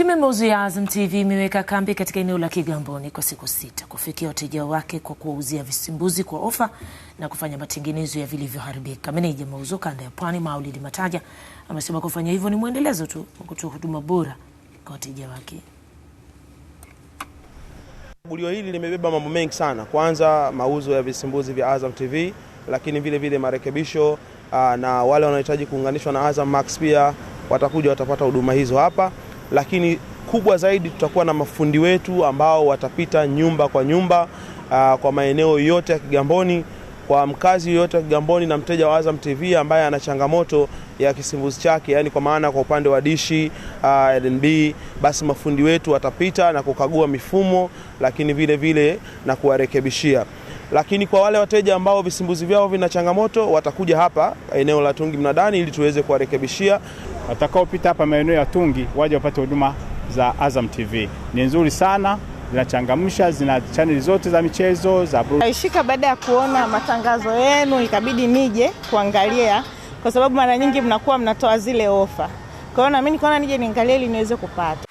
Timu ya mauzo ya Azam TV imeweka kambi katika eneo la Kigamboni kwa siku sita kufikia wateja wake kwa kuwauzia visimbuzi kwa ofa na kufanya matengenezo ya vilivyoharibika. Meneja mauzo kanda ya Pwani, Maulidi Mataja, amesema kufanya hivyo ni mwendelezo tu wa kutoa huduma bora kwa wateja wake. Gulio hili limebeba mambo mengi sana, kwanza mauzo ya visimbuzi vya Azam TV, lakini vile vile marekebisho ah, na wale wanaohitaji kuunganishwa na Azam Max pia watakuja watapata huduma hizo hapa lakini kubwa zaidi tutakuwa na mafundi wetu ambao watapita nyumba kwa nyumba aa, ah, kwa maeneo yote ya Kigamboni kwa mkazi yoyote wa Kigamboni na mteja wa Azam TV ambaye ana changamoto ya kisimbuzi chake, yani kwa maana kwa upande wa dishi uh, ah, LNB, basi mafundi wetu watapita na kukagua mifumo, lakini vile vile na kuwarekebishia lakini kwa wale wateja ambao visimbuzi vyao vina changamoto watakuja hapa eneo la Tungi Mnadani ili tuweze kuwarekebishia. Watakaopita hapa maeneo ya Tungi waje wapate huduma za Azam TV, ni nzuri sana, zinachangamsha, zina chaneli zote za michezo za Naishika baada ya kuona matangazo yenu, ikabidi nije kuangalia, kwa sababu mara nyingi mnakuwa mnatoa zile ofa. Kwa hiyo na mimi nikaona nije niangalie ili niweze kupata